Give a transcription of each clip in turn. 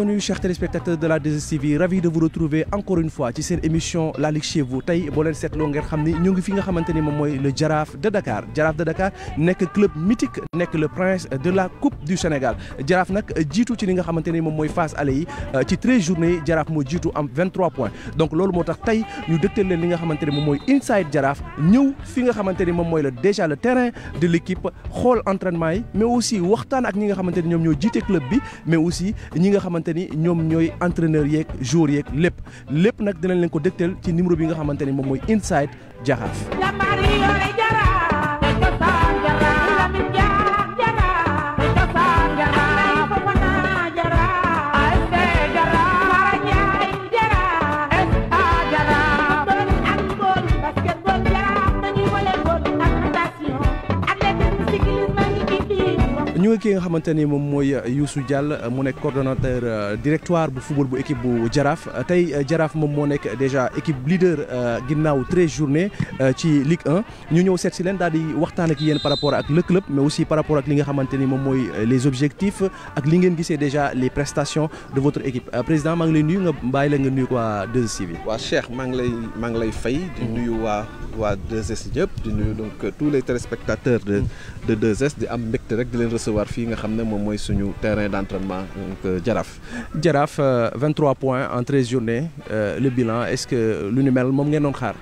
bienvenue chers téléspectateurs de la 2STV ravi de vous retrouver encore une fois ci seen émission la Ligue chez vous tey boo leen seetloo xam ni ñu ngi fi nga xamante ni moom mooy le Jaraaf de Dakar Jaraaf de Dakar nekk club mythique nekk le prince de la Coupe du Sénégal Jaraaf nag jiitu ci li nga xamante ni moom mooy phase euh, ci 13 journées Jaraaf moo jiitu am 23 points donc loolu moo tax tey ñu dëgtal leen li nga xamante ni moom inside Jaraaf ñëw fi nga xamante ni moom le déjà le terrain de l'équipe xool entraînement yi mais aussi waxtaan ak ñi nga xamante ni ñoo jiite xamante ni ñoom ñooy entraîneur yeeg joueur yeeg lépp lépp nag dinañ leen ko dégtal ci numéro bi nga xamante ni moom mooy Inside Jaraaf ki nga xamante ni moom mooy euh, Youssou Diall euh, mu nekk coordonnateur euh, directoire bu football bu équipe bu Jaraaf tey Jaraaf moom moo nekk déjà équipe leader ginnaaw treize journées ci Ligue 1 ñu ñëw seet si leen daal di waxtaan ak yéen par rapport ak le club mais aussi par rapport ak li nga xamante ni moom mooy les objectifs ak li ngeen gisee déjà les prestations de votre équipe président maa ngi lay nuyu nga bàyyi la nga nuyu waa 2STV. waa lay maa ngi lay fay. di mhm. nuyu waa waa 2S ñëpp di nuyu donc tous les téléspectateurs de mhm. de 2S di rek di leen fii nga xam ne moom mooy suñu terrain d'entraînement donc euh, Jaraaf. Jaraaf 23 euh, points en 13 journées euh, le bilan est-ce que lu ni mel moom ngeen doon xaar.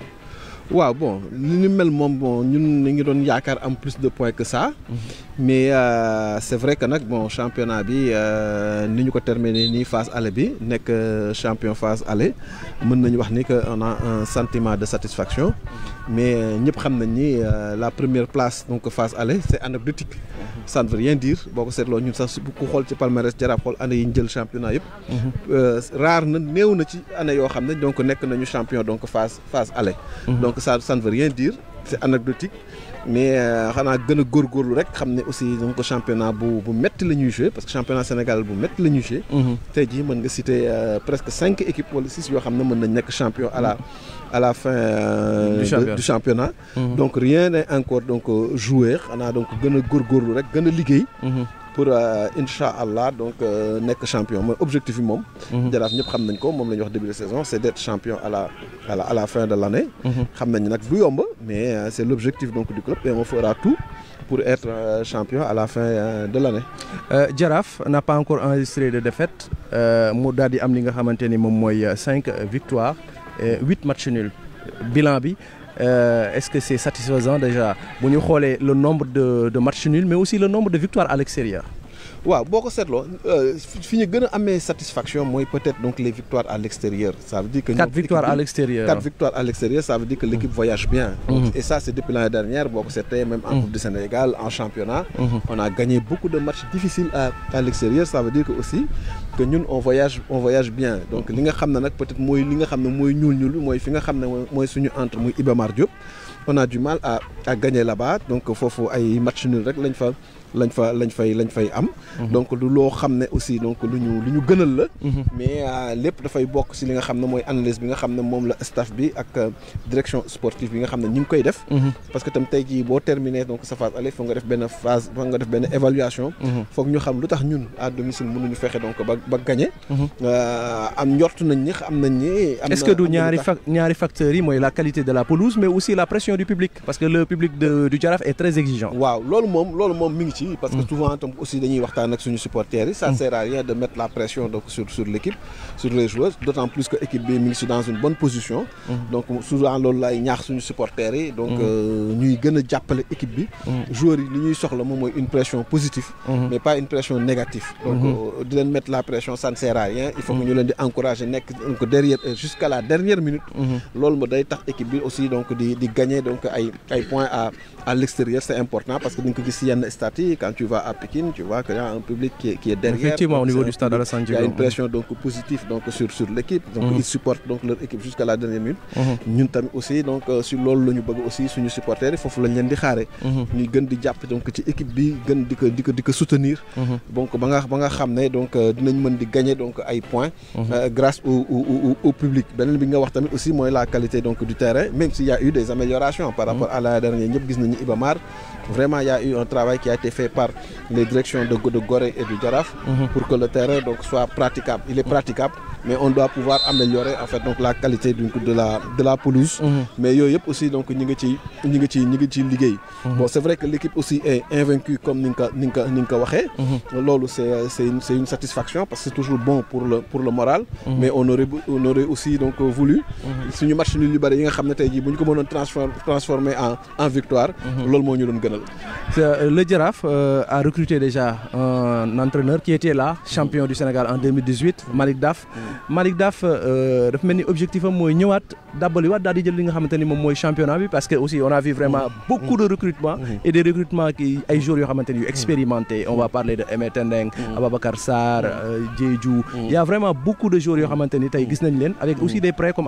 waaw bon li ñu mel moom bon ñun ñu ngi doon yaakaar am plus de points que ça. Mhm. mais euh, c'est vrai que nag bon championnat bi euh, ni ñu ko terminé nii phase ale bi nekk euh, champion phase aller mën nañu wax ni que on a un sentiment de satisfaction. Mhm. mais ñëpp xam nañ ni la première place donc phase aller c'est anecdotique. Mhm. ça ne veut rien dire boo ko seetloo ñun sax ku xool ci palmarès jaraaf xool année yi ñu jël championnat yëpp. rare na néew na ci année yoo xam ne donc nekk nañu champion donc phase phase aller. que ça ça ne veut rien dire c'est anecdotique mais euh, xanaa gën a góorgóorlu rek xam ne aussi donc championnat bu bu métti la ñuy joué parce que championnat Sénégal bu métti la ñuy joué. Mhm. tey mën nga citer euh, presque cinq équipes wala six yoo xam ne mën nañ nekk champion à la fin. Euh, du championnat, mhm. de, rien n'est encore donc joué xanaa donc gën a góorgóorlu rek gën a liggéey. Mhm. pour euh, incha allah donc euh, nekk champion mooy objectif bi moom. Mhm. jaraaf ñëpp xam nañ ko moom la ñuy wax de saison c' est d' être champion à la fin de l' année. Mhm. xam nañ nag du yomb mais euh, c' est l' objectif donc du club et on fera tout pour être champion à la fin de l' Jaraaf n'a pas encore enregistré de défaite mu daal am li nga xamante ni moom mooy cinq victoires huit matchs nuls bilan bi. euh, est-ce que c'est satisfaisant déjà bu ñu xoolee le nombre de de matchs nuls mais aussi le nombre de victoires à l'extérieur waaw boo ko seetloo euh, fi ñu gën a amee satisfaction mooy peut-être donc les victoires à l'extérieur ça veut dire que quatre victoires à l'extérieur quatre veut dire que mm-hmm. l'équipe voyage bien mm-hmm. et ça c'est depuis l'année dernière boo ko seetee même en mm-hmm. Coupe du Sénégal en championnat on a gagné beaucoup de matchs difficiles à l'extérieur ça veut dire que aussi que ñun on voyage on bien donc li nga xam ne nag peut-être mooy li nga xam ne mooy ñuul ñuul mooy fi nga xam ne mooy suñu entre muy Iba Mar Diop on a foofu ay match nul rek lañ fa lañ fa lañ fay lañ fay am. Mhm. donc du loo xam ne aussi donc lu ñu gënal la. Mhm. mais euh, lépp dafay bokk si li nga xam ne mooy analyse bi nga xam ne moom la staff bi ak euh, direction sportive bi nga xam ne ñu ngi koy def. Mhm. parce que tam tey boo terminé donc sa phase aller foog nga def benn évaluation. foog ñu xam lu tax ñun à domicile mënuñu fexe donc ba ba euh, am njort nañ ñi am nañ ñi. est du ñaari fa ñaari facteurs yi mooy la qualité de la pelouse mais aussi la pression ci parce que souvent tam aussi dañuy waxtaan ak suñu supporters yi ça sert à rien de mettre la pression sur sur sur les joueurs d'autant plus que équipe bi mi ngi si dans une bonne position mm-hmm. souvent loolu laay ñaax suñu supporters yi donc mm-hmm. euh, ñuy gën a jàppale équipe bi mm-hmm. joueurs yi li ñuy soxla moom une pression positive mais pas une pression négative donc euh, di leen mettre la pression ça ne sert rien il faut que ñu leen di encourager nekk euh, jusqu'à la dernière à l'extérieur, c'est important parce que donc, ici, il y a une statique. Quand tu vas à Pékin, tu vois qu'il y a un public qui est, qui est derrière. Effectivement, donc, au niveau du stade Alassane Il y a une pression donc, positive donc, sur, sur l'équipe. Donc, mm -hmm. ils supportent donc, leur équipe jusqu'à la dernière minute. Mm -hmm. Nous aussi, donc, sur l'OL, nous avons aussi nos supporters. Il faut que nous nous gën di jàpp donc ci équipe bi gën di ko di ko di ko soutenir. Mhm. donc ba nga ba nga xam ne donc euh, dinañ mën di gagner donc ay points. Mhm. Euh, grâce au au au public beneen bi nga wax tamit aussi mooy la qualité donc du terrain même s'il y a eu des améliorations. par mhm. rapport à la dernière ñëpp gis nañu. Ibamar. Vraiment, il y a eu un travail qui a été fait par les directions de, de et du Jaraf mhm. pour que le terrain donc, soit praticable. Il est praticable, mais on doit pouvoir améliorer en fait, donc, la qualité de, la, de la pelouse. Mmh. Mais il y a aussi donc, mhm. Bon, c'est vrai que l'équipe aussi est invaincue comme Ninka, Ninka, Ninka C'est une, satisfaction parce que c'est toujours bon pour le, pour mhm. Mais on aurait, aussi donc, voulu, loolu moo ñu doon gënal. Euh, le Jaraaf euh, a recruté déjà un entraîneur qui était là champion du Sénégal en 2018 Malick Daf. Mm. Malick euh, dafa mel ni objectif am mooy ñëwaat dàbbaliwaat daal di jël li nga xamante ni moom mooy championnat bi parce que aussi on a vu vraiment mm. beaucoup de mm. recrutements et des recrutements qui ay joueurs yoo xamante ni on va parler de Aimé Tendeng Ababacar Sarr Diédhiou il vraiment beaucoup de joueurs yoo xamante tey gis nañ leen avec aussi mm-hmm.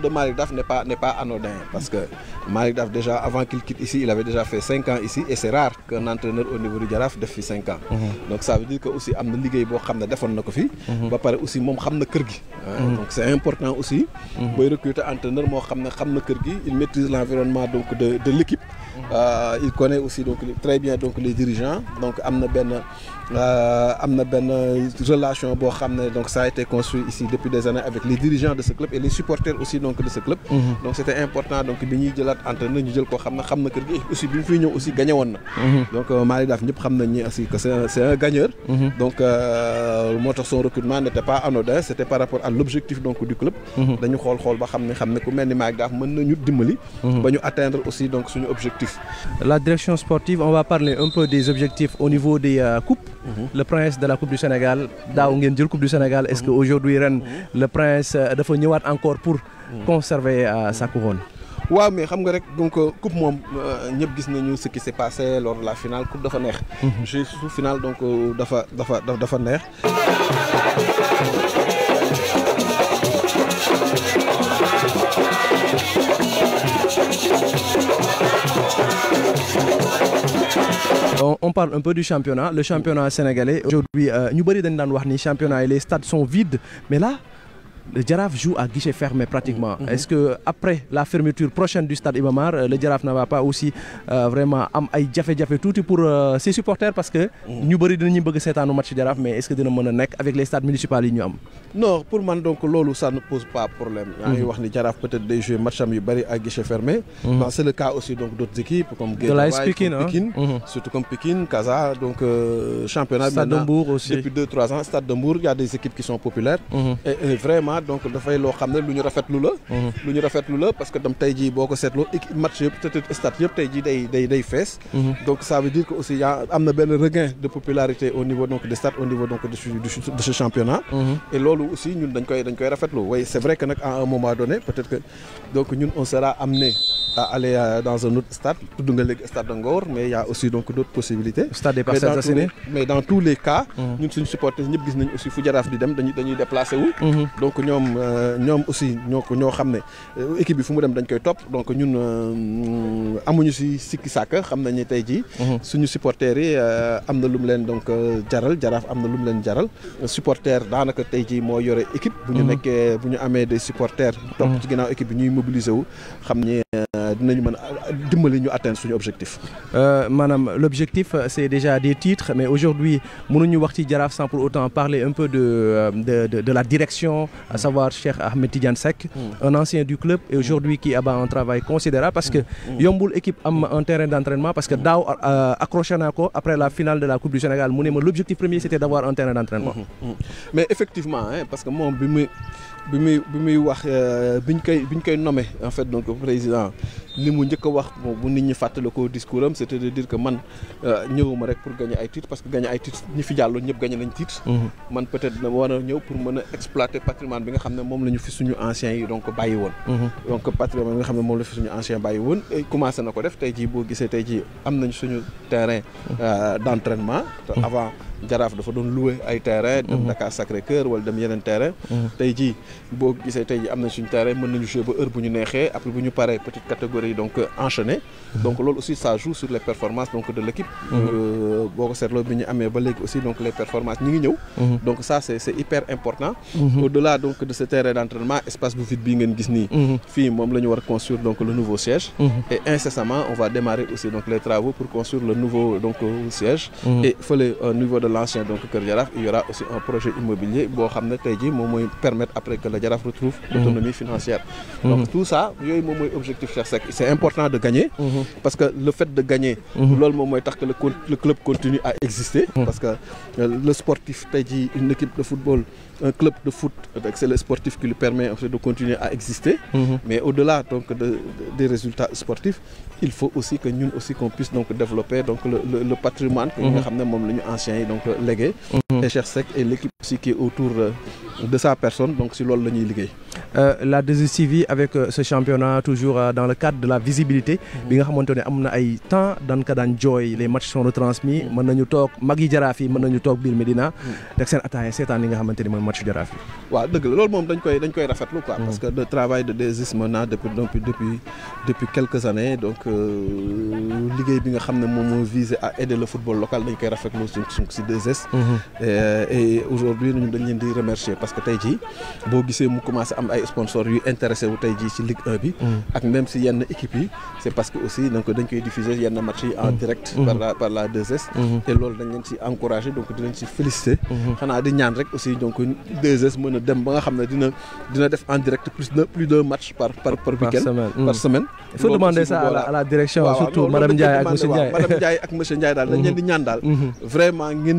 de que Malik Daf déjà avant qu'il quitte ici il avait déjà fait cinq ans ici et c'est rare qu'un entraîneur au niveau du Jaraaf def fi cinq ans mhm. donc ça veut dire que aussi am na liggéey boo xam ne defoon na ko fi mhm. ba pare aussi moom xam na kër gi ah, mhm. donc c'est important aussi booy recruter entraîneur moo xam ne xam na kër gi il maîtrise l'environnement donc de l'équipe ah, il connaît aussi donc très bien donc les dirigeants donc am na benn ah, am boo xam ne donc ça a de ce club et les ñuy jëlaat entraîneur na ñu jël koo xam ne xam na kër gi aussi bi mu fiy ñëw aussi gagné woon na mhm. donc euh, Malick Daf ñëpp xam nañ ni c'est un gagneur mhm. euh, moo tax son recrutement n'était pas anodin c'était par rapport à l'objectif du club mhm. dañu xool xool ba xam ne xam ne ku mel ni Malick Daf mën nañu dimbali ba ñu atteindre aussi donc suñu objectif la direction sportive on va parler un peu des objectifs au niveau des euh, coupes prince de la coupe du Sénégal daaw ngeen jël waaw mais xam nga rek donc euh, coupe moom euh, ñëpp gis nañu ce qui s'est passé lors de la finale coupe dafa neex. Mhm. je su finale donc euh, dafa dafa dafa neex. on parle un peu du championnat le championnat sénégalais aujourd'hui ñu bëri dañ daan wax ni championnat yi les stades sont vides mais là. le Jaraaf joue à guichet fermé pratiquement. Mhm. Est-ce que après la fermeture prochaine du stade Iba le Jaraaf ne va pas aussi euh, vraiment am ay jafe-jafe tuuti pour euh, ses supporters parce que. Mhm. ñu bëri dinañu bëgg seetaanu match Jaraaf mais est-ce que dina mën a nekk avec les stades municipaux yi ñu am. non pour man donc loolu ça ne pose pas problème. yaa mhm. wax ni Jaraaf peut-être day jouer matcham yu bëri à guichet fermé. mais c'est le cas aussi donc d'autres donc dafay loo xam ne lu ñu rafetlu la mhm. lu ñu rafetlu la parce que tam tey jii boo ko seetloo match yëpp peut-être stade yëpp tey jii day day day fees mhm. donc ça veut dire que aussi yaa am na benn regain de popularité au niveau donc des stades au niveau donc de ce championnat mhm. et loolu aussi ñun dañ koy dañ koy rafetlu c'est vrai que nag à un moment donné peut-être que donc ñun on sera amené à aller euh, dans un autre stade tudd nga léegi stade de Ngor mais il y a aussi donc d'autres possibilités. stade des Parcelles Assainies mais dans tous les cas. Mmh. ñun suñu supporters mmh. ñoom euh, ñoom ñoo ñoo xam ne euh, équipe bi fu mu dem dañ koy topp donc ñun amuñu si sikki sàkk xam nañu tey jii. Mmh. suñu supporters yi am na lu mu leen donc jaral jaraaf am na lu mu leen jaral supporter daanaka tey jii moo yore équipe. bu ñu nekkee bu ñu amee de supporters. topp ci ginnaaw équipe bi ñuy mobiliser wu xam ni. Euh, dinañu mën a dimbali ñu atteindre suñu objectif. Euh, maanaam l' objectif euh, c' est déjà des titres mais aujourd'hui mënuñu wax ci Jaraaf sans pour autant parler un peu de de de, de la direction à mm. savoir Cheikh Ahmed Tidiane Seck. Mm. un ancien du club et aujourd'hui qui abat un travail considérable parce que mm. yombul équipe am un terrain d' parce que daaw accroché naa ko après la finale de la coupe du Sénégal mu ne ma l' objectif premier c' était un mm-hmm. que moom bi muy bi muy bi li mu njëkk a wax bu nit ñi fàttalikoo discours am c'était de dire que man euh, ñëwuma rek pour gagner ay titres parce que gagner ay titres ñi fi jàlloon ñëpp gagner nañ titre mhm. man peut war a ñëw pour mën a exploiter patrimoine bi nga xam ne moom la fi suñu anciens yi donc bàyyi woon mhm. donc patrimoine bi nga xam ne moom la fi suñu anciens bàyyi woon commencé na ko def tey boo gisee tey am nañ suñu terrain mhm. euh, d'entraînement avant jaraaf dafa doon loué ay terrain dem mhm. Dakar Sacré Cœur wala dem yeneen terrain mhm. tey jii boo gisee tey ji am nañ suñu terrain mën nañu jouer ba heure bu ñu neexee après bu ñu paree petite catégorie donc euh, enchaîné mhm. donc loolu aussi ça joue sur les performances de l' euh, boo ko seetloo bi ñu amee ba léegi aussi donc les performances ñi ngi ñëw donc ça c' hyper important au delà de ce terrain d' espace bu vide bii ngeen gis nii fii moom la war construire l'ancien donc Kër Jaraaf il y aussi un projet immobilier boo xam ne tey jii moom mooy permettre après que le Jaraaf retrouve mmh. l'autonomie financière mmh. donc tout ça yooyu moom mooy objectif c'est important de gagner mmh. parce que le fait de gagner loolu moom mooy tax que le club continue à exister parce que euh, le sportif tey jii une équipe de football un club de foot, c'est le sportif qui lui permet de continuer à exister. Mhm. Mais au-delà donc des résultats sportifs, il faut aussi qu'on puisse développer donc le, le, le patrimoine que mm -hmm. nous avons ancien donc légué. Mhm. Et Chersec et l'équipe autour euh, de sa personne donc c'est l'ol le Euh, la 2STV avec euh, ce championnat toujours euh, dans le cadre de la visibilité. Mhm. bi nga xamante ne am na ay temps daan ka daan jooy les matchs sont retransmis mhm. mën nañu toog mag yi jaraaf yi mën nañu toog biir Medina. Mhm. teg seen ataaya seetaan li nga xamante ni mooy match jaraaf yi. waaw dëgg la loolu moom dañ koy dañ koy rafetlu parce que liggéey bi nga xam ne moom moo visé à aider le football local dañ koy rafetlu suñ suñ si 2S. aujourd'hui ñun dañ ay sponsors yu intéressé wu tey jii ci Ligue 1 bi. Mm. ak même si yenn équipe yi c' parce que aussi donc dañ koy diffuser yenn match yi en mm. direct. Mm. par la par la mm-hmm. te loolu dañ leen ci encouragé donc dinañ ci félicité. Mm-hmm. xanaa di ñaan rek aussi donc 2S mën a dem ba nga xam ne dina def en direct plus de match par par par par semaine il demander ça à la direction surtout madame Ndiaye ak monsieur Ndiaye daal dañ di ñaan daal. Mm-hmm. vraiment ngeen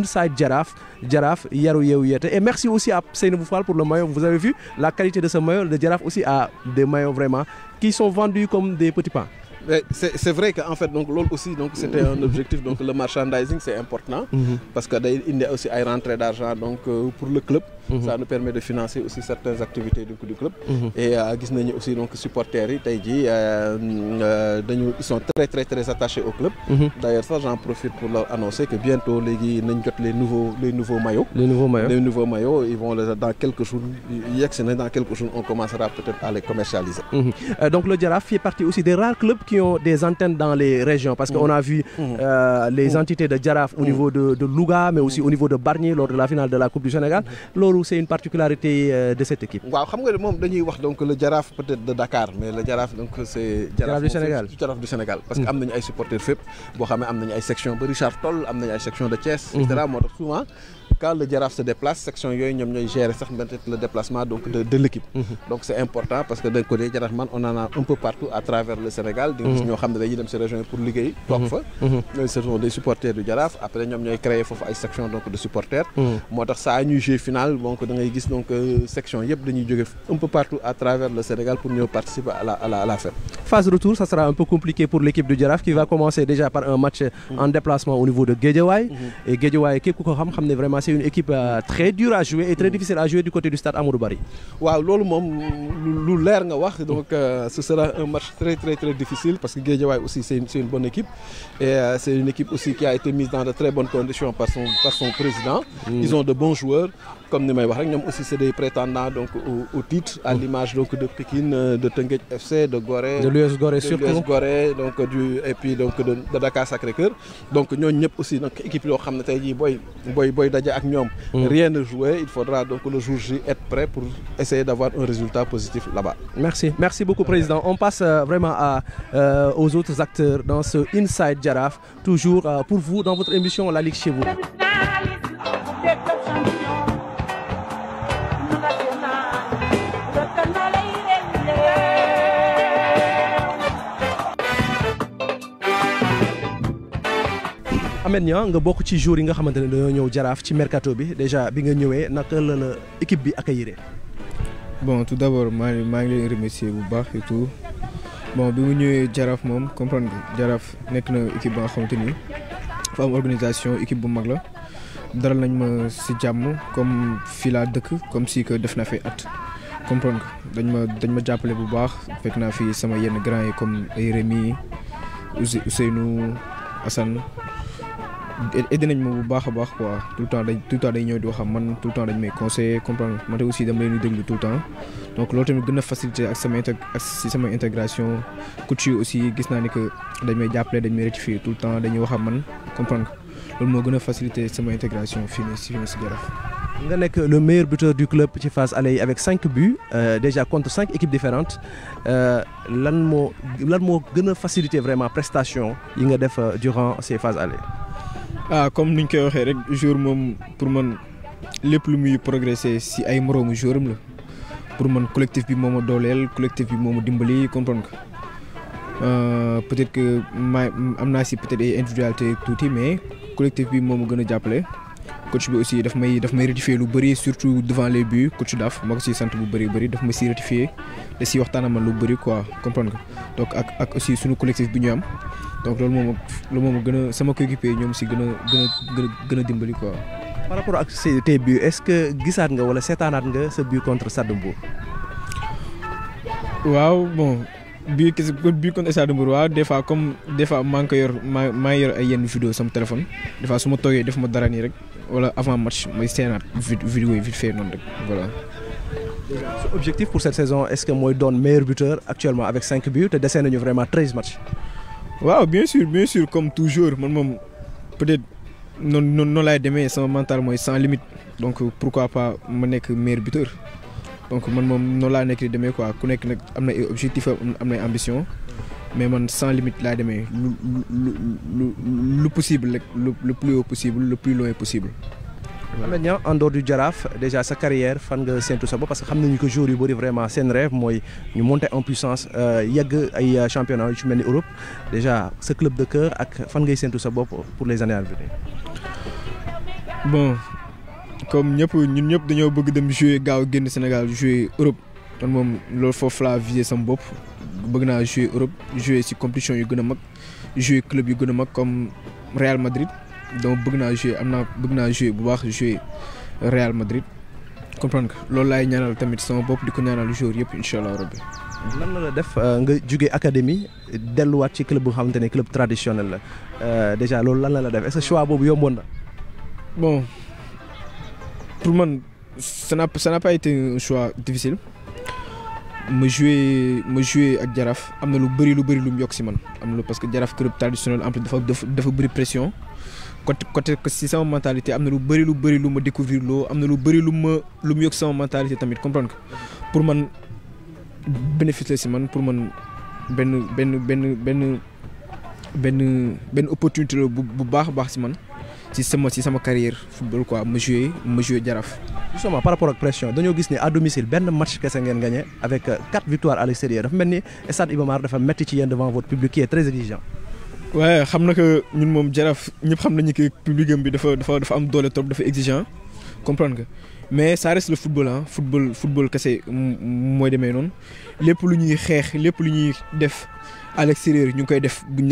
Inside Jaraaf Jaraaf yaru yeewu yeete et merci aussi à Seynabou pour le maillot vous avez vu la qualité de ce maillot le Jaraaf aussi a des maillots vraiment qui sont vendus comme des petits pains. c'est vrai que fait donc loolu aussi donc c'était un objectif donc le merchandising c'est important. Mhm. parce que day indi aussi ay rentrées d'argent donc euh, pour le club. Mm-hmm. ça nous permet de financer aussi certaines activités donc du club mm-hmm. et euh, gis nañu aussi donc supporters yi tey jii euh, euh, ils sont très très attachés au club mm-hmm. d'ailleurs ça j'en profite pour leur annoncer que bientôt les nouveaux les les nouveaux maillots ils vont les dans quelques jours yegg si na dans quelques jours on commencera peut-être à les commercialiser donc le Jaraaf fait partie aussi des rares clubs qui ont des antennes dans les régions parce a loolu c'est une particularité euh, de cette équipe. waaw xam nga moom dañuy wax donc le jaraaf peut-être de Dakar mais le jaraaf donc c'est. jaraaf du Sénégal parce que hmm. am nañu ay supporters fépp boo xam ne am nañu ay section ba Richard Toll am nañu ay section de Thiès. et cetera hmm. moo tax souvent. quand le Jaraaf se déplace déplacement de l'équipe mhm. donc c'est important parce que d'un côté Jaraaf man on en a un peu partout à travers le Sénégal di nga mhm. ñoo xam ne dañuy dem si région pour liggéey toog fa ñooy mhm. du Jaraaf après ñoom ñooy créer foofu ay de supporters moo tax saa ñuy jeu final donc gis donc euh, section dañuy jóge un peu partout à travers le Sénégal pour ñëw participer à la à phase retour ça sera un peu compliqué pour l'équipe vraiment c'est une équipe euh, très dure à jouer et très difficile à jouer du côté du stade Amadou Barry. waaw loolu moom lu leer nga wax donc euh, ce sera un match très très difficile parce que Guédiawaye aussi c'est une c'est bonne équipe et euh, c'est une équipe aussi qui a été mise dans de très bonnes conditions par son président. Mm. ils ont de bons joueurs. comme ni may wax rek ñoom aussi c'est des prétendants donc au, au titre à l'image donc de Pikine de Teungueth FC de Gorée de l'US Gorée de l'US Gorée donc de, de Dakar Sacré-Cœur donc ñooñu ñëpp aussi nag équipe yoo xam ne tey jii booy booy booy daje ak ñoom mm. rien ne jouer il faudra donc le jour J prêt pour essayer d'avoir un résultat positif là-bas merci merci beaucoup président on passe euh, vraiment à euh, aux autres acteurs dans ce Inside Jaraaf toujours euh, pour vous dans émission La Ligue chez Ahmed Niang nga bokk ci jour yi nga xamante ne dañoo ñëw jaraaf ci mercato bi déjà bi nga ñëwee naka la la équipe bi accueillir. bon tout d'abord maa ngi maa ngi leen remercier bu baax et tout bon bi mu ñëwee jaraaf moom comprendre nga jaraaf nekk na équipe ba nga xamante ni fa am organisation équipe bu mag la daral nañ ma si jàmm comme fii laa dëkk comme si que def na fi at. comprendre nga dañ ma dañ ma jàppale bu baax fekk naa fi sama yenn grand yi comme ay Rémi Ousseynou Assane. aidé nañ ma bu baax a baax quoi tout le temps dañ ñëw di wax man tout le temps dañ may conseiller comprendre man te aussi dama leen di déglu tout le temps donc loolu tamit gën a facilité ak sama ak si sama intégration coach yi aussi gis naa ni que dañ may jàppale dañ may rectifier tout le temps dañu wax ak man comprendre loolu moo gën a facilité sama intégration fii nii si fii nii si Jaraaf nga nekk le meilleur buteur du club ci phase aller yi avec cinq buts euh, déjà contre cinq équipes différentes euh, lan moo lan moo gën a facilité vraiment prestation yi nga def euh, durant ces phases aller ah comme ni ñu koy waxee rek jour moom pour man lépp lu muy progresser si ay jour jouram la pour man collectif bi moom ma dooleel collectif bi moom a dimbali comprendre ko ah, peut-être que ma am naa si peut-être ay individualité tuuti mais collectif bi moom ma gën a jàppale. coach bi aussi daf may daf may ratifier lu bari surtout devant les buts coach Daf ma ko siy sant bu bëri bëri daf ma siy ratifier da siy waxtaan a man lu bëri quoi comprendre nga donc ak ak aussi suñu collectif bi ñu am donc loolu moom loolu moom gën a sama coéquipier ñoom si gën a gën a gën a dimbali quoi. par rapport ak tey bi est-ce que gisaat nga wala seetaanaat nga sa but contre Stade Mbour. waaw bon. bii kese bii kon stade Mbour waaw des fois comme des fois maa ngi ko yor maa maa yor ay yenn vidéo sama téléphone des fois su ma toogee def ma dara nii rek wala avant match may seenaat vidéo yi vite fait noonu rek voilà. Son pour cette saison est-ce que mooy doon meilleur buteur actuellement avec cinq buts te dese nañu vraiment treize matchs. waaw bien sûr bien sûr comme toujours man moom peut-être noonu noonu laay demee sama mantal mooy sans limite donc pourquoi pas ma nekk meilleur buteur. donc man moom noonu laa nekk di demee quoi ku nekk nag am na ay objectif am na ay ambition mais man sans limite laa demee lu lu lu lu possible rek le plus haut possible le plus loin possible. maintenant en dehors du Jaraaf déjà sa carrière fan nga séntu sa bopp parce que xam nañu que jour yu bëri vraiment seen rêve mooy ñu monter en puissance euh, yegg ay euh, championnat yu ci mel ni Europe déjà sa club de cœur ak fan ngay séntu sa bopp pour les années à venir. bon comme ñëpp ñun ñëpp dañoo bëgg dem jouer gaaw génn Sénégal jouer Europe kon moom loolu foofu laa visé sama bopp bëgg naa jouer Europe jouer si compétition yu gën a mag jouer club yu gën a mag comme Real Madrid donc bëgg naa jouer am naa bëgg naa jouer bu baax jouer Real Madrid comprendre nga loolu laay ñaanal tamit sama bopp di ko ñaanal joueur yëpp incha allah rabbi. lan la la def euh, nga jóge académie delluwaat ci club bu xamante ne club traditionnel la euh, déjà loolu lan la la def choix boobu yomboon na. bon. pour moi, ça n'a pas été un choix difficile. ma joué ma joué ak jaraaf am na lu bëri lu bëri lu mu yokk si man am na parce que jaraaf club traditionnel en plus dafa dafa bëri pression côté côté si sama mentalité am na lu bëri lu bëri lu ma découvrir loo am na lu bëri lu ma lu mu yokk sama mentalité tamit comprendre nga pour man bénéfice si man pour man benn benn benn benn benn benn opportunité la bu bu baax a baax si man. ci sama ci sama carrière football quoi ma joué ma joué Jaraaf. par rapport ak pression dañoo gis ne à domicile benn match kese ngeen gagné avec euh, quatre victoires à dafa mel ni stade Iba dafa métti ci yéen devant xam na que ñun moom Jaraaf ñëpp xam nañu que public am bi dafa dafa dafa am doole trop dafa exigeant comprendre nga mais ça reste le football football football mooy demee noonu lépp lu ñuy xeex lépp lu ñuy def à l'extérieur ñu koy def bu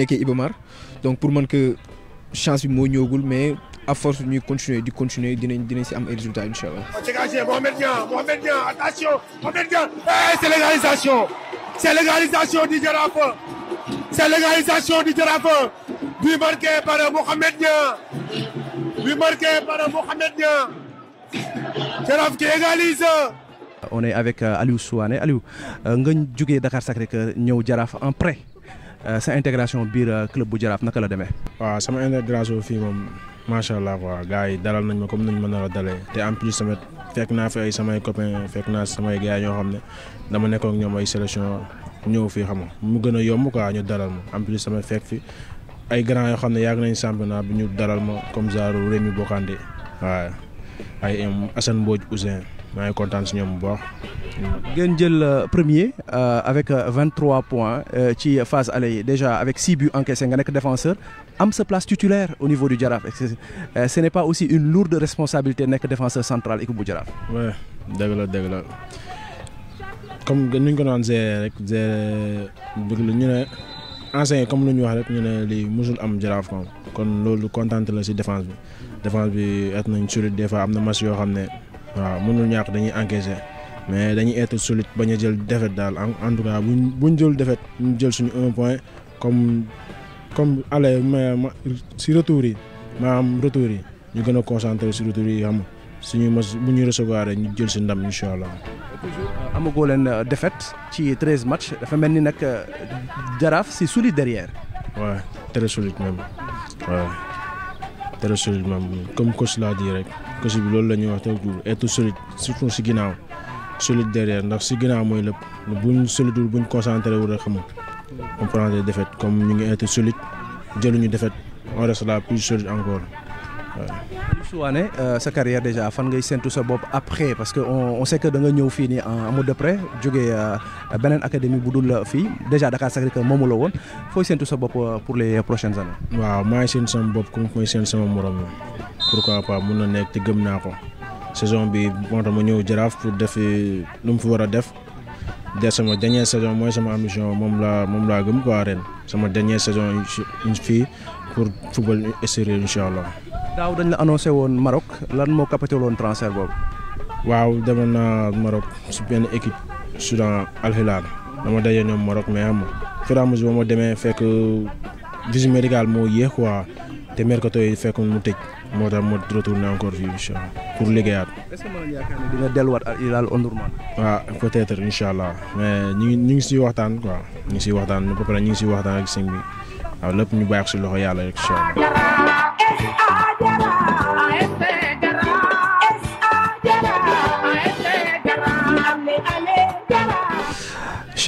chance bi moo ñëwagul mais à force ñuy continuer di continuer dinañ dinañ si am ay résultats incha allah. Mohamed Niang eh, c'est l'égalisation c'est l'égalisation du Jaraaf c'est l'égalisation du Jaraaf bi marqué par Mohamed Jaraaf qui égalise. on est avec euh, Aliou Souane Aliou euh, nga jógee Dakar Sacré-Cœur ñëw Jaraaf en prêt. Euh, sa intégration biir euh, club bu jaraaf naka la demee. waaw sama intégration fii moom macha allah quoi gars yi dalal nañ ma comme nañ mën a dalee te en plus tamit fekk naa fi ay samay copains fekk naa samay gars ñoo xam ne dama nekkoon ñoom ay sélection ñëw fii xam nga mu gën a yomb quoi ñu dalal ma en plus tamit fekk fi ay grand yoo xam ne yàgg nañ championnat bu ñu dalal ma comme genre mi Bokande waaw ay Assane Mbodj ousin maa ngi kontaan si ñoom bu baax. ngeen jël euh, premier euh, avec euh, vingt trois points ci phase aller yi déjà avec six buts encaissés nga nekk défenseur am sa place titulaire au niveau du Jaraaf ce n'est pas aussi une lourde responsabilité nekk défenseur central équipe bu Jaraaf. oui dëgg la dëgg comme ni ñu ko doon gérer rek gérer bëgg la ñu ne ancien comme lu ñu wax rek ñu ne lii musul am Jaraaf kon loolu kontaan la si défense bi défense bi et nañ solide des fois am na match yoo xam ne. waaw mënul ñaax dañuy encaissé mais dañuy être solide ba ñu jël défaite daal en tout cas buñ buñ jël defet ñu jël suñu un point comme comme allez ma si retour yi maanaam retour yi ñu gën a concentré si retour yi xam suñu mas bu ñu recevoir ñu jël si ndam incha allah. amagoo leen euh, défaite ci treize matchs dafa mel ni nag euh, jaraaf si solide derrière. waaw très solide même waaw. très solide même comme coach l'a dit rek coach bi loolu la ñuy wax chaque jour être solide surtout si ginnaaw solide derrière ndax si ginnaaw mooy lépp buñ solide wul buñ concentré wul rek xam nga on prend comme ñu ngi être solide jëluñu défaite on reste là plus solide encore Souane euh, sa carrière déjà fan ngay séntu sa bopp après parce que on sait que da nga ñëw fii nii en amour de près jógee euh, beneen académie bu dul fii déjà Dakar Sacré-Cœur moomu la woon fooy séntu sa bopp euh, pour le prochaines années. waaw maa ngi séntu sama bopp comme mooy séntu sama morom pourquoi pas mun na nekk te gëm naa ko saison bi moo tax ma ñëw jaraaf pour def lu mu fi war a def de sama dernière saison mooy sama ambition moom laa moom laa gëm quoi ren sama dernière saison fii pour football extérieur incha allah. daaw dañu la annoncé woon Maroc lan moo capté woon transfert boobu. waaw demoon naa Maroc su benn équipe Soudan Al Hilal dama daje ñoom Maroc mais am fur et ba ma demee fekk visite médicale moo yéex quoi te mercato yi fekk mu tëj moo tax ma retourné encore fii incha pour liggéeyaat. est que mën yaakaar ne di nga delluwaat Al Hilal Omdurman. waaw peut-être incha allah mais ñu ngi ñu ngi siy waxtaan quoi ñu si waxtaan ba pare ñu ngi siy waxtaan ak sëñ bi waaw lépp ñu bàyyi ko si loxo yàlla rek incha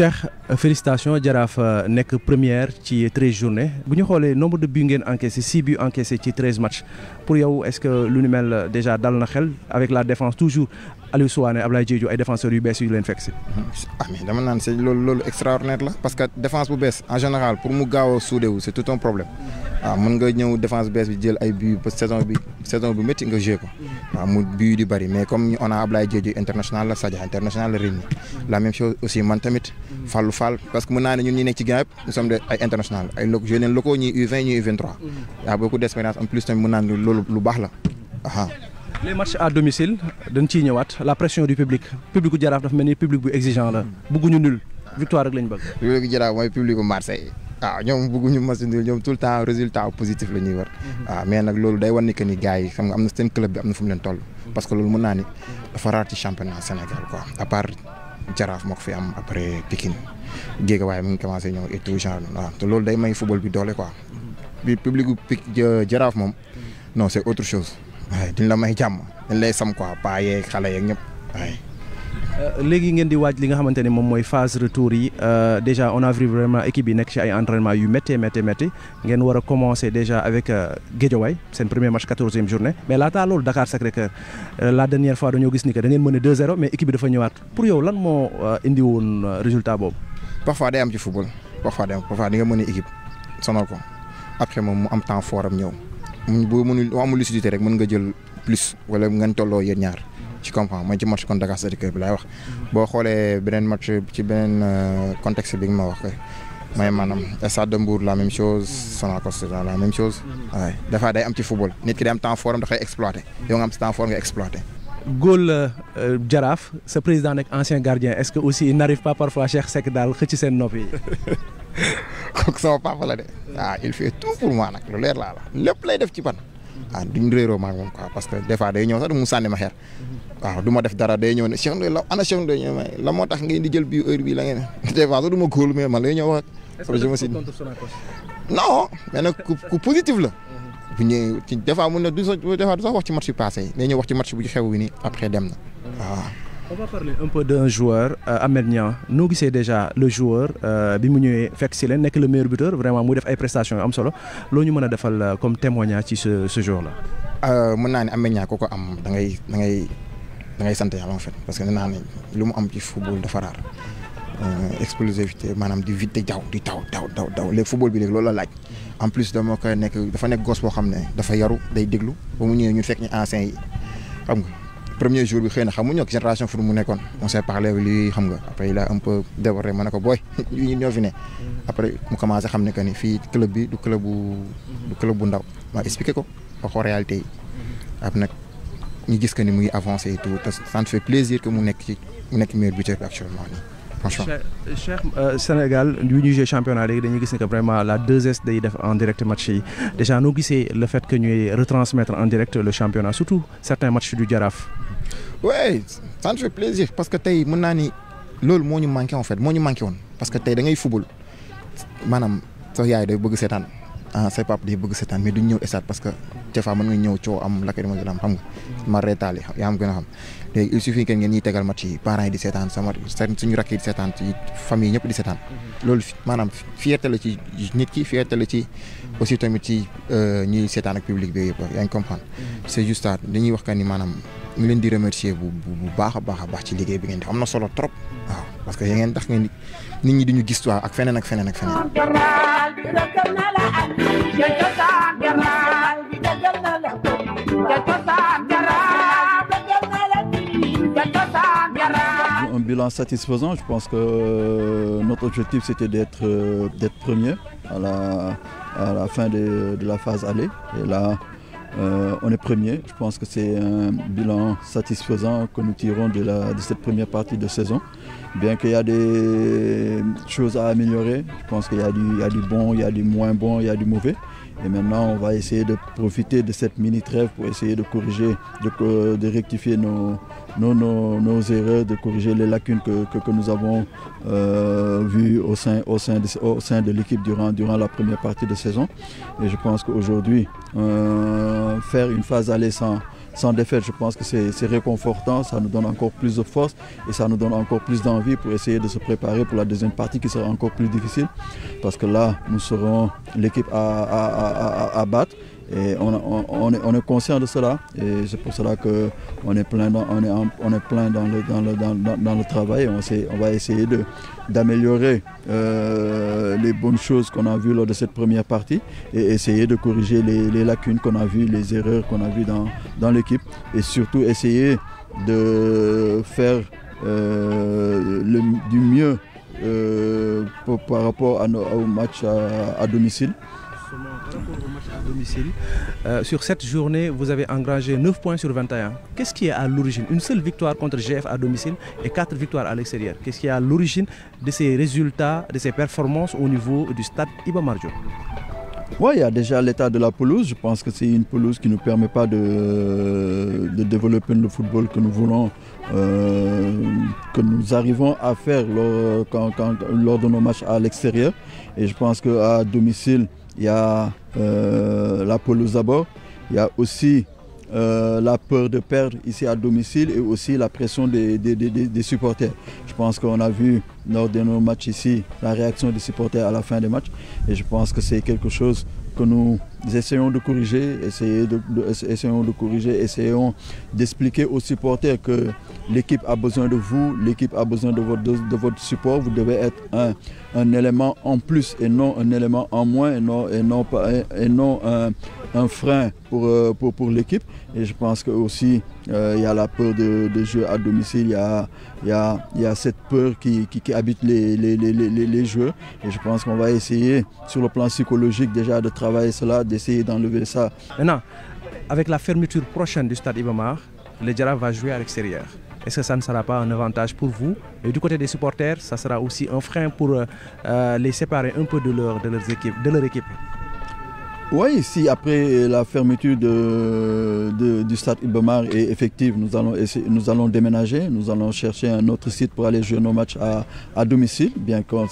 Cheikh félicitations Jaraaf euh, nekk première ci treize journées bu ñu xoolee nombre de buts ngeen encaissé six buts encaissé ci treize matchs pour yow est-ce que lu mel euh, déjà dal na xel avec la défense toujours Aliou Souane Ablaye Diédhiou ay défenseurs yu bees yu leen fekk si. Ah, dama naan c'est loolu loolu extraordinaire la parce que défense bu bees en général pour mu gaaw a soudé wu c'est tout un problème waaw ah, mën nga ñëw défense bees bi jël ay buts ba saison bi saison bu métti nga joué ko waaw ah, mu buts di bëri mais comme on a Ablaye Diédhiou international la Sadio international la Rémi la même chose aussi man tamit Fallou Fall parce que mën naa ne ñun ñi nekk ci ginnaaw yëpp nous a les matchs à domicile dañ ciy ñëwaat la pression du public public bu jaraaf dafa mel ni public bu exigeant la bëgguñu nul victoire rek lañ bëgg. public ah, bu la ñuy war. waaw mhm. ah, mais nag loolu wan ni que ni gars yi xam nga am na seen club bi am na fu mu leen toll. parce que loolu mën naa ni dafa raar waaye mu ngi commencé ñëw et loolu day may football bi doole quoi. Mhm. bi public bu Jaraaf moom non c'est autre chose. waaye duñ la may jàmm dañ lay sam quoi paa yeeg xale yeeg ñëpp euh, ngeen di waaj li nga xamante ne moom mooy phase retour yi euh, déjà on a vu vraiment équipe yi nekk ci ay entraînement yu méttee méttee méttee ngeen war a commencer déjà avec euh, Guédiawaye seen premier mais laataa loolu Dakar Sacré-Cœur la dernière fois dañoo gis ni que da ngeen mën a 2-0 mais moo indi woon résultat boobu. parfois day am ci football parfois day di nga mën a équipe sonal ko après moom mu am temps fort am ñëw. mu mënul amul lucidité rek mën nga jël plus wala ngeen tolloo yéen ñaar. ci comprend mooy ci match contre bi laay wax xoolee beneen match ci beneen euh, contexte bi nga ma wax mooy maanaam Stade de Mbour la même chose Sonacos la même chose waaye dafa day am ci football nit ki day am temps fort da koy exploité yow nga am si temps fort nga exploité. góol euh, Jaraaf sa président nekk ancien gardien est-ce que aussi il n'arrive pas parfois Cheikh Seck daal xëcc seen nopp yi. kooku sama papa de ah il fait tout pour moi nag lu leer laa la lépp lay def ci ban ah duñ réeroo maag moom quoi parce que des fois day ñëw sax du mu sànni ma xeer waaw du ma def dara day ñëw ne Cheikh Ndoye la ana Cheikh la moo tax ngeen di jël bii heure bii la ngeen des fois sax du ma góol mais man lay ñëw wax ak projet ma la bu ñëwee ci des fois mun na du sax des fois du sax wax ci match yu passé yi day ñëw wax ci match bu xew wi après dem na mm-hmm. on va parler un peu d'un joueur euh, Ahmed noo gisee déjà le joueur euh, bi mu ñëwee fekk si leen nekk le meilleur buteur vraiment muy def ay prestations yu am solo loo ñu mën a defal euh, comme témoignage ci ce ce jour là. mën naa ne Ahmed Niang ku ko am da ngay da ngay da ngay sant yàlla en fait parce que nee naa lu mu am ci football dafa raar explosivité maanaam di vite jaww di taw taw taw taw léegi football bi léegi loolu la laaj. en plus dama koy nekk dafa nekk gos boo xam ne dafa yaru day déglu ba mu ñëwee ñu fekk ñu anciens yi xam nga. premier jour bi xëy na xamuñu ak génération fu mu nekkoon on s'est parlé avec xam nga après il a un peu dévoré ma ne ko booy ñu ñoo fi ne après mu commencé xam ne que ni fii club bi du club bu du bu ndaw ma expliqué ko wax ko réalité yi ab nag ñu gis que ni muy avancé et tout te ça fait plaisir que mu nekk ci mu nekk meilleur buteur actuellement nii franchement. Cheikh euh, Sénégal bu ñu joué championnat léegi dañuy gis ni que vraiment la 2S day def en direct match yi déjà noo gisee le fait que ñuy retransmettre en direct le championnat surtout certains matchs du Jaraaf. oui ça me plaisir parce que tey mën naa ni loolu moo ñu manqué en fait moo ñu manqué woon parce que tey da ngay fubal maanaam sa yaay day bëgg seetaan ah say papa day bëgg seetaan mais duñ ñëw stade parce que des fois nga ñëw coo am lakk ma jëlaat xam nga ma am léegi il suffit que ngeen ñuy tegal match yi parents yi di seetaan sama suñu rakk yi di seetaan ci famille ñëpp di seetaan mhm. loolu maanaam fierté la ci nit ki fierté la ci mhm. aussi tamit ci euh, ñuy seetaan ak public bi yëpp yaa ngi comprendre mhm. c'est juste ça wax que ni maanaam ñu leen di remercier bu bu baax a baax baax ci liggéey bi ngeen am na solo trop waaw parce que ya ngeen tax ngeen nit ñi duñu gis waa ak feneen ak feneen ak feneen bilan satisfaisant. Je pense que euh, notre objectif, c'était euh, d'être premier à la, à la fin de, de, la phase aller. Et là, euh, on est premier. Je pense que c'est un bilan satisfaisant que nous tirons de, la, de cette première partie de saison. Bien qu'il y a des choses à améliorer, je pense qu'il y, y, a du bon, il y a du moins bon, il y a du mauvais. Et maintenant, on va essayer de profiter de cette mini-trêve pour essayer de corriger, de, de rectifier nos, nos, nos, nos, erreurs, de corriger les lacunes que, que, que nous avons euh, vues au sein, au sein de, de l'équipe durant, durant la première partie de saison. Et je pense qu'aujourd'hui, euh, faire une phase aller sans, s'en défaire. Je pense que c'est réconfortant, ça nous donne encore plus de force et ça nous donne encore plus d'envie pour essayer de se préparer pour la deuxième partie qui sera encore plus difficile parce que là, nous serons l'équipe à, à, à, à battre Et on, on, on, est, on, est, conscient de cela et c'est pour cela qu'on est plein dans, on est en, on est plein dans, le, dans, le, dans, dans le travail. On, sait, on va essayer d'améliorer euh, les bonnes choses qu'on a vues lors de cette première partie et essayer de corriger les, les lacunes qu'on a vues, les erreurs qu'on a vues dans, dans l'équipe et surtout essayer de faire euh, le, du mieux euh, pour, par rapport à nos, au match à, à domicile. domicile. Euh, sur cette journée, vous avez engrangé 9 points sur 21. Qu'est-ce qui est à l'origine Une seule victoire contre GF à domicile et 4 victoires à l'extérieur. Qu'est-ce qui est à l'origine de ces résultats, de ces performances au niveau du stade Iba Marjo oui, il y a déjà l'état de la pelouse. Je pense que c'est une pelouse qui ne nous permet pas de, de, développer le football que nous voulons, euh, que nous arrivons à faire lors, quand, quand, lors de nos matchs à l'extérieur. Et je pense qu'à domicile, il y a euh, la pelouse d'abord, il y a aussi euh, la peur de perdre ici à domicile et aussi la pression des, des, des, des supporters. Je pense qu'on a vu lors de nos matchs ici la réaction des supporters à la fin des matchs et je pense que c'est quelque chose que nous essayons de corriger, essayons de, de, essayons de corriger, essayons d'expliquer aux supporters que l'équipe a besoin de vous, l'équipe a besoin de votre, de votre, support. Vous devez être un, élément en plus et non un élément non, et non, et non un, un, frein pour, euh, pour, pour l'équipe. Et je pense que aussi euh, il y a la peur de, de jeu à domicile, il y a, y, a, cette peur qui, habite les, les, Et je pense qu'on va essayer sur le plan psychologique de travailler cela d'essayer d'enlever ça. Maintenant, avec la fermeture prochaine du stade Ibamar, le Jaraaf va jouer à l'extérieur. Est-ce que ça ne sera pas un avantage pour vous Et du côté des supporters, ça sera aussi un frein pour euh, euh les séparer un peu de leur, de, leurs équipes, de leur équipe Oui, si après la fermeture de, de, du stade Ibomar est effective, nous allons, essayer, nous allons déménager, nous allons chercher un autre site pour aller jouer nos matchs à, à domicile. Bien, comme,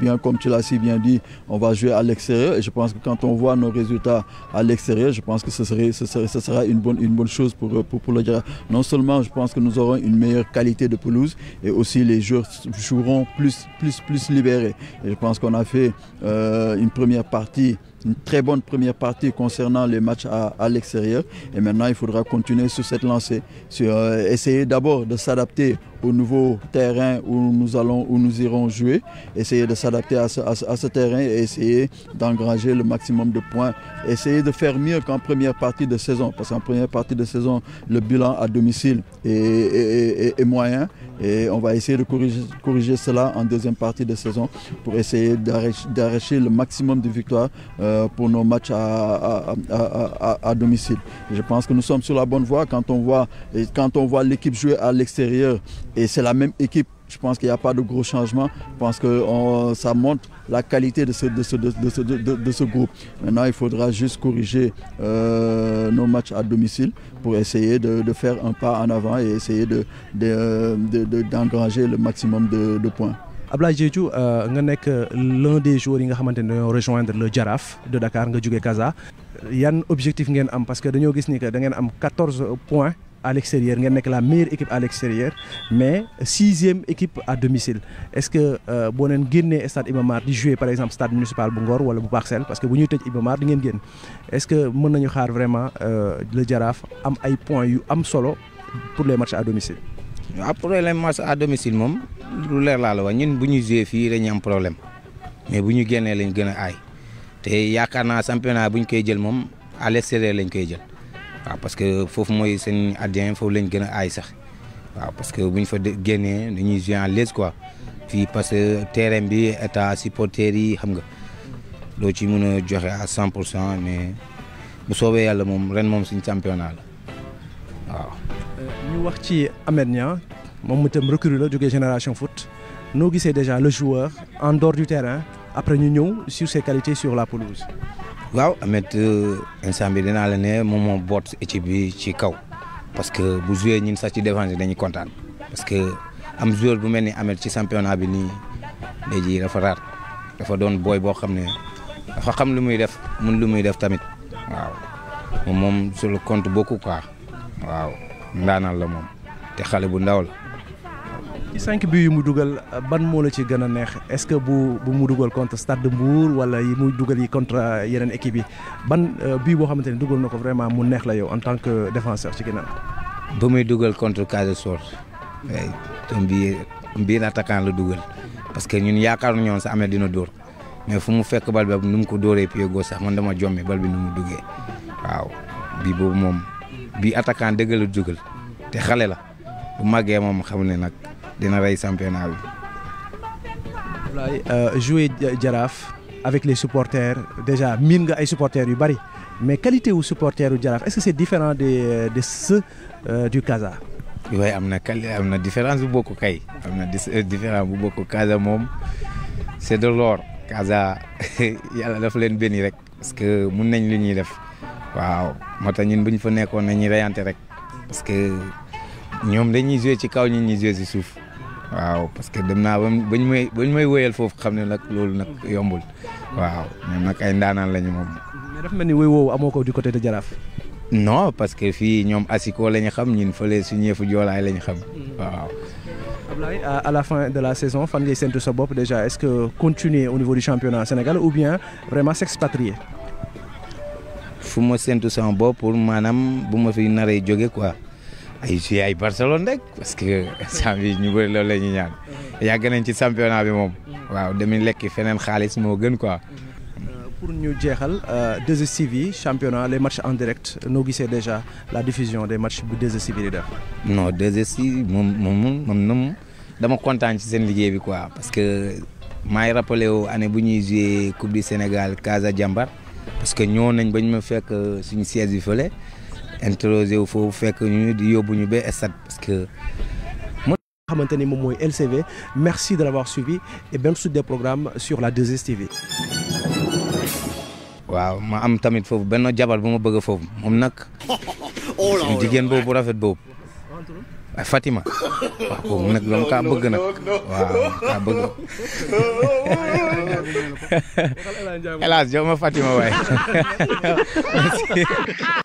bien comme tu l'as si bien dit, on va jouer à l'extérieur. Et je pense que quand on voit nos résultats à l'extérieur, je pense que ce, serait, ce, serait, ce sera une bonne, une bonne chose pour, pour, pour le dire. Non seulement je pense que nous aurons une meilleure qualité de pelouse et aussi les joueurs joueront plus, plus, plus libérés. Et je pense qu'on a fait euh, une première partie une très bonne première partie concernant les matchs à, à l'extérieur. Et maintenant, il faudra continuer sur cette lancée, sur, euh, essayer d'abord de s'adapter au nouveau terrain où nous allons, où nous irons jouer, essayer de s'adapter à, à, à ce, terrain et essayer d'engranger le maximum de points, essayer de faire mieux qu'en première partie de saison, parce qu'en première partie de saison, le bilan à domicile est, est, est, est moyen. Et on va essayer de corriger, corriger cela en deuxième partie de saison pour essayer d'arracher le maximum de victoires euh, pour nos matchs à, à, à, à, domicile. Je pense que nous sommes sur la bonne voie quand on voit, quand on voit l'équipe jouer à l'extérieur et c'est la même équipe Je pense qu'il n'y a pas de gros changements. Je que on, ça montre la qualité de ce, de de, ce, de ce, groupe. Maintenant, il faudra juste corriger euh, nos matchs à domicile pour essayer de, faire un pas en avant et essayer d'engranger le maximum de points. Ablaye Diédhiou euh, nga nekk euh, l'un des joueurs yi nga xamante ne dañoo rejoindre le Jaraaf de Dakar nga jóge Casa yan objectif ngeen am parce que dañoo gis ni que da ngeen am 14 points à l'extérieur ngeen nekk la meilleure équipe à l'extérieur mais sixième équipe à domicile est-ce que euh, boo leen génnee stade Iba Mar di jouer par exemple stade municipal bu Ngor wala bu Parcelles parce que bu ñuy tëj Iba Mar di ngeen génn est-ce que mën nañu xaar vraiment euh, la Jaraaf am ay point yu am solo pour les matchs à domicile. waaw pour les matchs à domicile moom lu leer laa la wax ñun bu ñu jouer fii rek am problème mais bu ñu génnee lañ gën a aay te yaakaar naa championnat bu ñu koy jël moom à l'extérieur lañ koy jël. waaw parce que foofu mooy seen adhérent foofu lañ gën a aay sax waaw parce que bu ñu fa génnee ñuy jouer en l'aise quoi fii parce que terrain bi état supporters yi xam nga loo ci mun a joxe à cent pour cent mais bu soobee yàlla moom ren moom suñ championnat la waaw. Euh, ñu wax ci Ameth Niang moom itam recrue la jógee génération foot noo gisee déjà le joueur en dehors terrain après ñu ñëw sur ses qualités sur la pelouse. waaw Ameth euh, instant bi dinaa la ne moom moom boot équipe bi ci kaw parce que bu joué ñun sax ci défense dañuy kontaan parce que am joueur bu mel ni Ameth ci championnat bi nii léegi dafa raar dafa doon booy boo xam ne dafa xam lu muy def mun lu muy def tamit waaw moom moom sur le compte beaucoup quoi waaw ndaanal la moom te xale bu ndaw la ci cinq buts yu mu dugal ban moo la ci gën a neex est-ce que bu bu mu dugal contre Stade de Mbour wala yi muy dugal yi contre yeneen équipe yi ban euh, but boo xamante ne dugal na ko vraiment mu neex la yow en tant que défenseur ci ginnaaw. ba muy dugal contre Casa Sport. waaye tam bii bii takkaan la dugal. parce que ñun yaakaar ñoon sa amee dina dóor. mais fu mu fekk bal bi nu mu ko dóoree piego gauche sax man dama jommi bal bi nu mu duggee. waaw bii boobu moom. bii attaquant dëgg la dugal. te xale la bu màggee moom xam ne nag. dina rey championnat bi. Ablaye euh, jouer jaraaf avec les supporters déjà miin nga ay supporters yu bari mais qualité wu supporter yu jaraaf est-ce que c'est différent de euh, de ceux euh, du Casa. waaye am na qualité am na différence bu bokk kay am na différence bu bokk Casa moom c'est de l'or Casa yàlla dafa leen béni rek parce que mun nañ lu ñuy def waaw moo tax ñun bu ñu fa nekkoon nañuy reyante rek parce que ñoom dañuy jouer ci kaw ñu ñuy jouer si suuf. waaw parce que dem naa ba bañ may bañ may wéyal foofu xam ne nag loolu nag yombul waaw ñoom nag ay ndaanaan lañu moom. mais dafa mel ni wéy woowu amoo ko du côté de Jaraaf. non parce que fii ñoom asiko lañu xam ñun fële suñu yëfu joolaay lañu xam mm-hmm. waaw. Ablaye à la fin de la saison fan ngay séntu sa bopp déjà est-ce que continuer au niveau du championnat Sénégal ou bien vraiment s'expatrier. fu ma séntu sama bopp pour maanaam bu ma fi naree jóge quoi. ay joué ay Barcelone rek parce que sambi ñu bëri loolu la ñuy ñaan yàgg nañ ci championnat bi moom. waaw demi lekk e feneen xaalis moo gën quoi. Uh, pour ñu jeexal 2STV uh, yi championnat les matchs en direct noo gisee déjà la diffusion des matchs bu 2STV yi di def. non 2STV moom moom moom dama kontaan ci seen liggéey bi quoi parce que may rappelé wu année bu ñuy joué coupe du Sénégal Casa jàmbar parce que ñoo nañ bañ ma fekk euh, suñu siège bi fële. interrogé wu foofu fekk ñu di yóbbu ñu ba stade parce que. xamante ni moom mooy LCV merci de l'avoir suivi et bonne des programmes sur la 2STV. waaw ma am tamit foofu benn jabar bu ma bëgg foofu moom nag. Oh suñu jigéen oh boobu rafet boobu. Fatima waaw nag dama kaa bëgg nag waaw kaa bëgg hélas jox ma Fatima waaye.